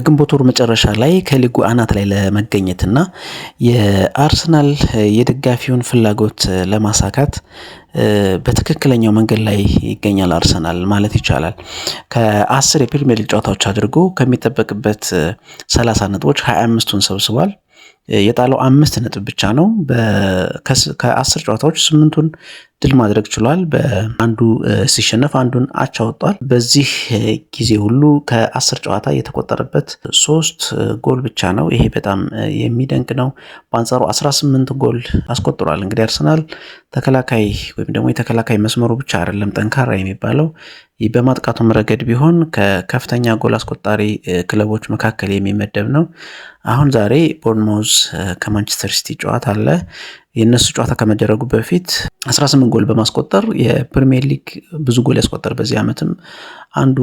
በግንቦት ወር መጨረሻ ላይ ከሊጉ አናት ላይ ለመገኘትና የአርሰናል የደጋፊውን ፍላጎት ለማሳካት በትክክለኛው መንገድ ላይ ይገኛል አርሰናል ማለት ይቻላል። ከአስር የፕሪሚየር ሊግ ጨዋታዎች አድርጎ ከሚጠበቅበት 30 ነጥቦች 25ቱን ሰብስቧል። የጣለው አምስት ነጥብ ብቻ ነው። ከአስር ጨዋታዎች ስምንቱን ድል ማድረግ ችሏል። በአንዱ ሲሸነፍ አንዱን አቻ ወጥቷል። በዚህ ጊዜ ሁሉ ከአስር ጨዋታ የተቆጠረበት ሶስት ጎል ብቻ ነው። ይሄ በጣም የሚደንቅ ነው። በአንጻሩ 18 ጎል አስቆጥሯል። እንግዲህ አርሰናል ተከላካይ ወይም ደግሞ የተከላካይ መስመሩ ብቻ አይደለም ጠንካራ የሚባለው በማጥቃቱም ረገድ ቢሆን ከከፍተኛ ጎል አስቆጣሪ ክለቦች መካከል የሚመደብ ነው። አሁን ዛሬ ቦርንማውዝ ከማንቸስተር ሲቲ ጨዋታ አለ። የእነሱ ጨዋታ ከመደረጉ በፊት 18 ጎል በማስቆጠር የፕሪሚየር ሊግ ብዙ ጎል ያስቆጠር በዚህ ዓመትም አንዱ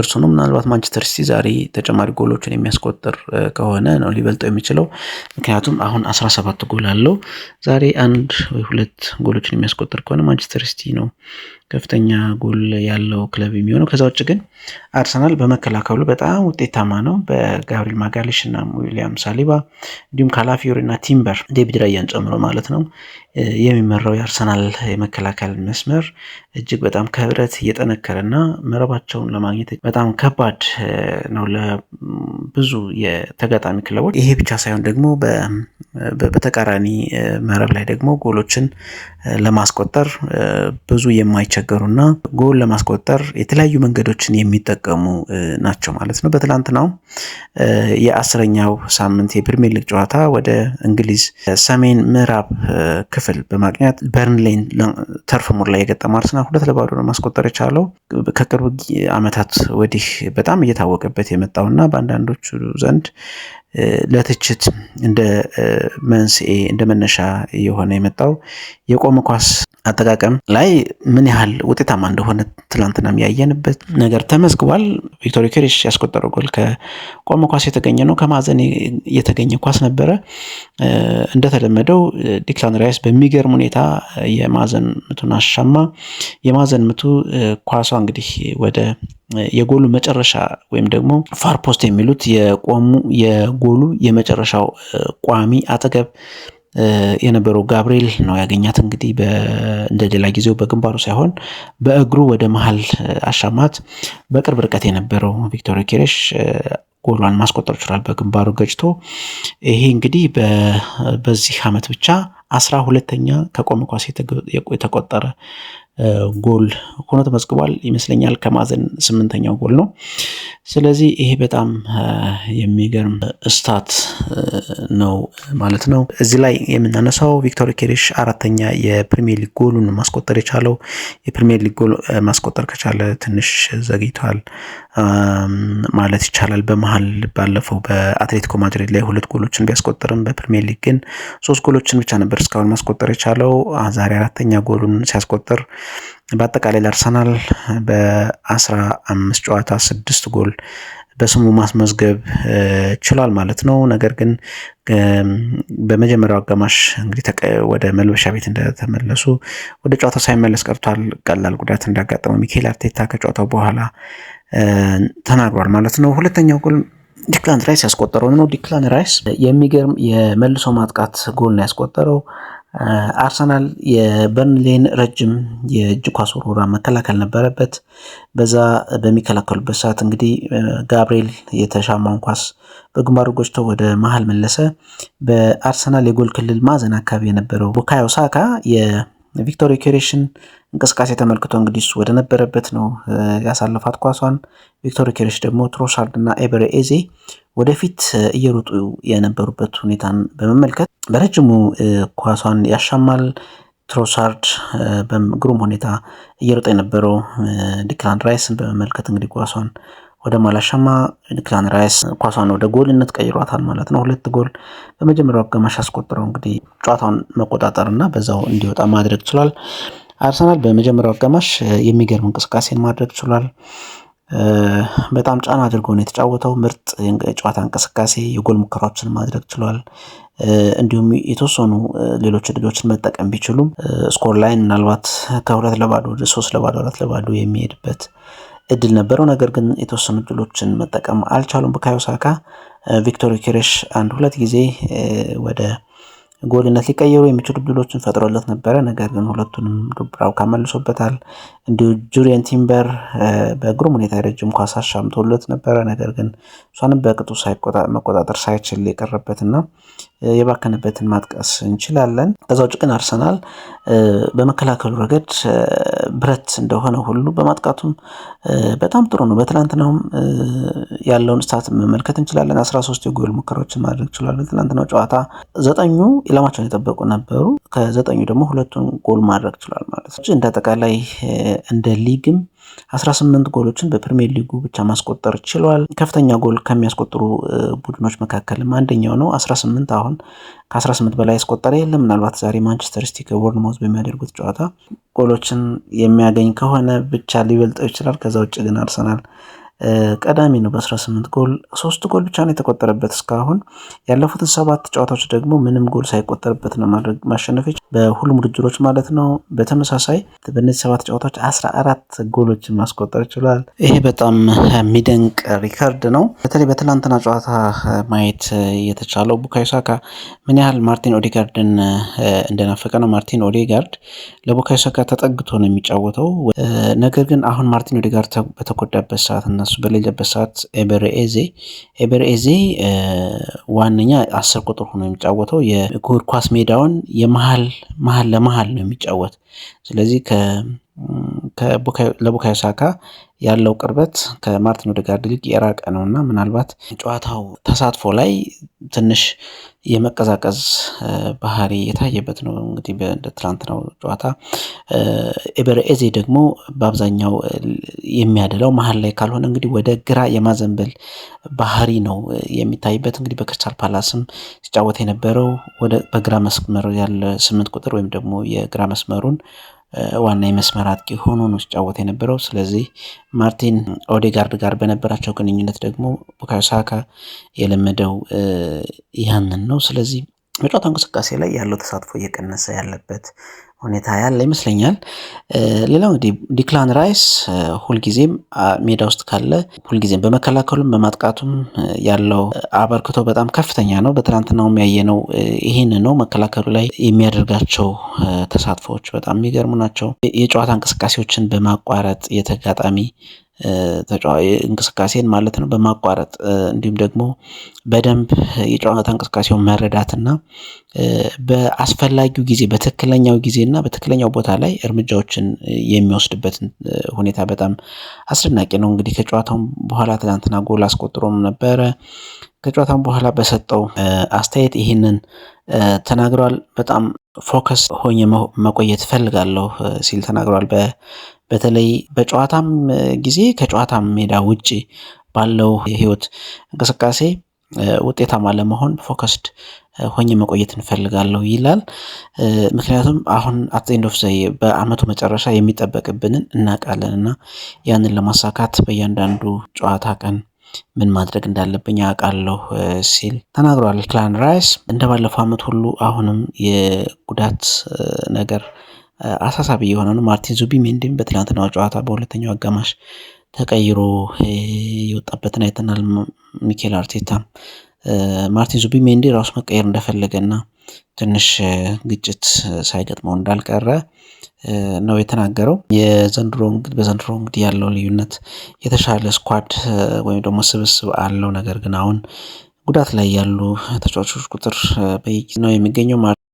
እርሱ ነው። ምናልባት ማንቸስተር ሲቲ ዛሬ ተጨማሪ ጎሎችን የሚያስቆጥር ከሆነ ነው ሊበልጠው የሚችለው። ምክንያቱም አሁን 17 ጎል አለው። ዛሬ አንድ ወይ ሁለት ጎሎችን የሚያስቆጥር ከሆነ ማንቸስተር ሲቲ ነው ከፍተኛ ጎል ያለው ክለብ የሚሆነው። ከዛ ውጭ ግን አርሰናል በመከላከሉ በጣም ውጤታማ ነው። በጋብሪል ማጋሊሽ እና ዊሊያም ሳሊባ እንዲሁም ካላፊዮሪ እና ቲምበር ዴቪድ ራያን ጨምሮ ማለት ነው የሚመራው የአርሰናል የመከላከል መስመር እጅግ በጣም ከህብረት እየጠነከረ እና መረባቸውን ለማግኘት በጣም ከባድ ነው ለብዙ የተጋጣሚ ክለቦች። ይሄ ብቻ ሳይሆን ደግሞ በተቃራኒ መረብ ላይ ደግሞ ጎሎችን ለማስቆጠር ብዙ የማይቸገሩ እና ጎል ለማስቆጠር የተለያዩ መንገዶችን የሚጠቀሙ ናቸው ማለት ነው። በትላንትናው የአስረኛው ሳምንት የፕሪሚየር ሊግ ጨዋታ ወደ እንግሊዝ ሰሜን ምዕራብ ክፍል በማግኘት በርንሌን ተርፍ ሙር ላይ የገጠመ አርሰናል ሁለት ለባዶ ነው ማስቆጠር የቻለው። ከቅርብ ዓመታት ወዲህ በጣም እየታወቀበት የመጣውና በአንዳንዶቹ ዘንድ ለትችት እንደ መንስኤ እንደ መነሻ የሆነ የመጣው የቆመ ኳስ አጠቃቀም ላይ ምን ያህል ውጤታማ እንደሆነ ትላንትና ያየንበት ነገር ተመዝግቧል። ቪክቶሪ ኬሪሽ ያስቆጠረው ጎል ከቆመ ኳስ የተገኘ ነው። ከማዕዘን የተገኘ ኳስ ነበረ። እንደተለመደው ዲክላን ራይስ በሚገርም ሁኔታ የማዕዘን ምቱን አሻማ። የማዕዘን ምቱ ኳሷ እንግዲህ ወደ የጎሉ መጨረሻ ወይም ደግሞ ፋርፖስት የሚሉት የቆሙ የጎሉ የመጨረሻው ቋሚ አጠገብ የነበረው ጋብርኤል ነው ያገኛት። እንግዲህ እንደ ሌላ ጊዜው በግንባሩ ሳይሆን በእግሩ ወደ መሀል አሻማት። በቅርብ ርቀት የነበረው ቪክቶር ኬሬሽ ጎሏን ማስቆጠር ችሏል፣ በግንባሩ ገጭቶ። ይሄ እንግዲህ በዚህ አመት ብቻ አስራ ሁለተኛ ከቆመ ኳስ የተቆጠረ ጎል ሆኖ ተመዝግቧል ይመስለኛል። ከማዘን ስምንተኛው ጎል ነው። ስለዚህ ይሄ በጣም የሚገርም ስታት ነው ማለት ነው። እዚህ ላይ የምናነሳው ቪክቶር ኬሪሽ አራተኛ የፕሪሚየር ሊግ ጎሉን ማስቆጠር የቻለው የፕሪሚየር ሊግ ጎል ማስቆጠር ከቻለ ትንሽ ዘግይቷል ማለት ይቻላል። በመሀል ባለፈው በአትሌቲኮ ማድሪድ ላይ ሁለት ጎሎችን ቢያስቆጠርም በፕሪሚየር ሊግ ግን ሶስት ጎሎችን ብቻ ነበር እስካሁን ማስቆጠር የቻለው። ዛሬ አራተኛ ጎሉን ሲያስቆጥር። በአጠቃላይ ለአርሰናል በአስራ አምስት ጨዋታ ስድስት ጎል በስሙ ማስመዝገብ ችሏል ማለት ነው። ነገር ግን በመጀመሪያው አጋማሽ እንግዲህ ወደ መልበሻ ቤት እንደተመለሱ ወደ ጨዋታው ሳይመለስ ቀርቷል። ቀላል ጉዳት እንዳጋጠመው ሚካኤል አርቴታ ከጨዋታው በኋላ ተናግሯል ማለት ነው። ሁለተኛው ጎል ዲክላን ራይስ ያስቆጠረው ነው። ዲክላን ራይስ የሚገርም የመልሶ ማጥቃት ጎል ነው ያስቆጠረው። አርሰናል የበርንሌን ረጅም የእጅ ኳስ መከላከል ነበረበት። በዛ በሚከላከሉበት ሰዓት እንግዲህ ጋብርኤል የተሻማውን ኳስ በግንባሩ ጎጭቶ ወደ መሀል መለሰ። በአርሰናል የጎል ክልል ማዕዘን አካባቢ የነበረው ቡካዮ ሳካ ቪክቶሪ ኬሬሽን እንቅስቃሴ ተመልክቶ እንግዲህ እሱ ወደነበረበት ነው ያሳለፋት ኳሷን። ቪክቶሪ ኬሬሽ ደግሞ ትሮሻርድ እና ኤበሬ ኤዜ ወደፊት እየሮጡ የነበሩበት ሁኔታን በመመልከት በረጅሙ ኳሷን ያሻማል። ትሮሳርድ በግሩም ሁኔታ እየሮጠ የነበረው ዲክላንድ ራይስን በመመልከት እንግዲህ ኳሷን ወደ ማላሻማ ዲክላን ራይስ ኳሷን ወደ ጎልነት ቀይሯታል ማለት ነው። ሁለት ጎል በመጀመሪያው አጋማሽ አስቆጥረው እንግዲህ ጨዋታውን መቆጣጠር በዛው እንዲወጣ ማድረግ ችሏል። አርሰናል በመጀመሪያው አጋማሽ የሚገርም እንቅስቃሴን ማድረግ ችሏል። በጣም ጫና አድርጎ ነው የተጫወተው። ምርጥ ጨዋታ እንቅስቃሴ፣ የጎል ሙከራዎችን ማድረግ ችሏል። እንዲሁም የተወሰኑ ሌሎች እድሎችን መጠቀም ቢችሉም ስኮር ላይን ምናልባት ከሁለት ለባዶ ወደ ሶስት ለባዶ አራት ለባዶ የሚሄድበት እድል ነበረው። ነገር ግን የተወሰኑ እድሎችን መጠቀም አልቻሉም። ቡካዮ ሳካ፣ ቪክቶር ኪሬሽ አንድ ሁለት ጊዜ ወደ ጎልነት ሊቀየሩ የሚችሉ እድሎችን ፈጥሮለት ነበረ። ነገር ግን ሁለቱንም ዱብራው ካመልሶበታል። እንዲሁ ጁሪየን ቲምበር በግሩም ሁኔታ የረጅም ኳስ አሻምቶለት ነበረ። ነገር ግን እሷንም በቅጡ መቆጣጠር ሳይችል የቀረበትና የባከነበትን ማጥቀስ እንችላለን። ከዛ ውጭ ግን አርሰናል በመከላከሉ ረገድ ብረት እንደሆነ ሁሉ በማጥቃቱም በጣም ጥሩ ነው። በትላንትናውም ያለውን ስታት መመልከት እንችላለን። 13 ሶስት የጎል ሙከራዎችን ማድረግ እንችላለን። ትላንትናው ጨዋታ ዘጠኙ ኢላማቸውን የጠበቁ ነበሩ። ከዘጠኙ ደግሞ ሁለቱን ጎል ማድረግ ችሏል ማለት ነው። እንደ አጠቃላይ እንደ ሊግም 18 ጎሎችን በፕሪሚየር ሊጉ ብቻ ማስቆጠር ችሏል። ከፍተኛ ጎል ከሚያስቆጥሩ ቡድኖች መካከልም አንደኛው ነው። 18 አሁን ከ18 በላይ ያስቆጠረ የለም። ምናልባት ዛሬ ማንቸስተር ሲቲ ከቦርንማውዝ በሚያደርጉት ጨዋታ ጎሎችን የሚያገኝ ከሆነ ብቻ ሊበልጠው ይችላል። ከዛ ውጭ ግን አርሰናል ቀዳሚ ነው በ18 ጎል። ሶስት ጎል ብቻ ነው የተቆጠረበት እስካሁን። ያለፉትን ሰባት ጨዋታዎች ደግሞ ምንም ጎል ሳይቆጠርበት ነው ማድረግ ማሸነፍ በሁሉም ውድድሮች ማለት ነው። በተመሳሳይ በእነዚህ ሰባት ጨዋታዎች 14 ጎሎችን ማስቆጠር ይችላል። ይሄ በጣም የሚደንቅ ሪከርድ ነው። በተለይ በትላንትና ጨዋታ ማየት የተቻለው ቡካዮ ሳካ ምን ያህል ማርቲን ኦዴጋርድን እንደናፈቀ ነው። ማርቲን ኦዴጋርድ ለቡካዮ ሳካ ተጠግቶ ነው የሚጫወተው። ነገር ግን አሁን ማርቲን ኦዴጋርድ በተጎዳበት ሰዓት እነሱ በሌለበት ሰዓት ኤበርኤዜ ኤበርኤዜ ዋነኛ አስር ቁጥር ሆኖ የሚጫወተው የእግር ኳስ ሜዳውን የመሀል መሀል ለመሀል ነው የሚጫወት። ስለዚህ ለቡካዮ ሳካ ያለው ቅርበት ከማርቲን ኦዴጋርድ ይልቅ የራቀ ነው እና ምናልባት ጨዋታው ተሳትፎ ላይ ትንሽ የመቀዛቀዝ ባህሪ የታየበት ነው። እንግዲህ በትላንትናው ጨዋታ ኤበረኤዜ ደግሞ በአብዛኛው የሚያደላው መሀል ላይ ካልሆነ እንግዲህ ወደ ግራ የማዘንበል ባህሪ ነው የሚታይበት። እንግዲህ በክርስታል ፓላስም ሲጫወት የነበረው በግራ መስመር ያለ ስምንት ቁጥር ወይም ደግሞ የግራ መስመሩን ዋና የመስመር አጥቂ ሆኖ ነው ሲጫወት የነበረው። ስለዚህ ማርቲን ኦዴጋርድ ጋር በነበራቸው ግንኙነት ደግሞ ቡካዮ ሳካ የለመደው ያንን ነው። ስለዚህ በጨዋታ እንቅስቃሴ ላይ ያለው ተሳትፎ እየቀነሰ ያለበት ሁኔታ ያለ ይመስለኛል። ሌላው እንግዲህ ዲክላን ራይስ ሁልጊዜም ሜዳ ውስጥ ካለ ሁልጊዜም በመከላከሉም በማጥቃቱም ያለው አበርክቶ በጣም ከፍተኛ ነው። በትናንትናውም ያየነው ይህን ነው። መከላከሉ ላይ የሚያደርጋቸው ተሳትፎዎች በጣም የሚገርሙ ናቸው። የጨዋታ እንቅስቃሴዎችን በማቋረጥ የተጋጣሚ ተጫዋች እንቅስቃሴን ማለት ነው በማቋረጥ እንዲሁም ደግሞ በደንብ የጨዋታ እንቅስቃሴውን መረዳትና በአስፈላጊው ጊዜ በትክክለኛው ጊዜ እና በትክክለኛው ቦታ ላይ እርምጃዎችን የሚወስድበትን ሁኔታ በጣም አስደናቂ ነው። እንግዲህ ከጨዋታውም በኋላ ትናንትና ጎል አስቆጥሮም ነበረ። ከጨዋታም በኋላ በሰጠው አስተያየት ይህንን ተናግሯል። በጣም ፎከስ ሆኜ መቆየት እፈልጋለሁ ሲል ተናግሯል። በተለይ በጨዋታም ጊዜ ከጨዋታም ሜዳ ውጭ ባለው የህይወት እንቅስቃሴ ውጤታማ ለመሆን ፎከስድ ሆኜ መቆየት እንፈልጋለሁ ይላል። ምክንያቱም አሁን አትዘንድ ኦፍ ዘይ በአመቱ መጨረሻ የሚጠበቅብንን እናውቃለን እና ያንን ለማሳካት በእያንዳንዱ ጨዋታ ቀን ምን ማድረግ እንዳለብኝ አውቃለሁ ሲል ተናግሯል። ክላን ራይስ እንደ ባለፈው አመት ሁሉ አሁንም የጉዳት ነገር አሳሳቢ የሆነ ነው። ማርቲን ዙቢሜንዲም በትላንትናው ጨዋታ በሁለተኛው አጋማሽ ተቀይሮ የወጣበትን አይተናል። ሚኬል አርቴታ ማርቲን ዙቢሜንዲ ራሱ መቀየር እንደፈለገና ትንሽ ግጭት ሳይገጥመው እንዳልቀረ ነው የተናገረው። የዘንድሮ እንግዲህ በዘንድሮ እንግዲህ ያለው ልዩነት የተሻለ ስኳድ ወይም ደግሞ ስብስብ አለው። ነገር ግን አሁን ጉዳት ላይ ያሉ ተጫዋቾች ቁጥር በይ ነው የሚገኘው።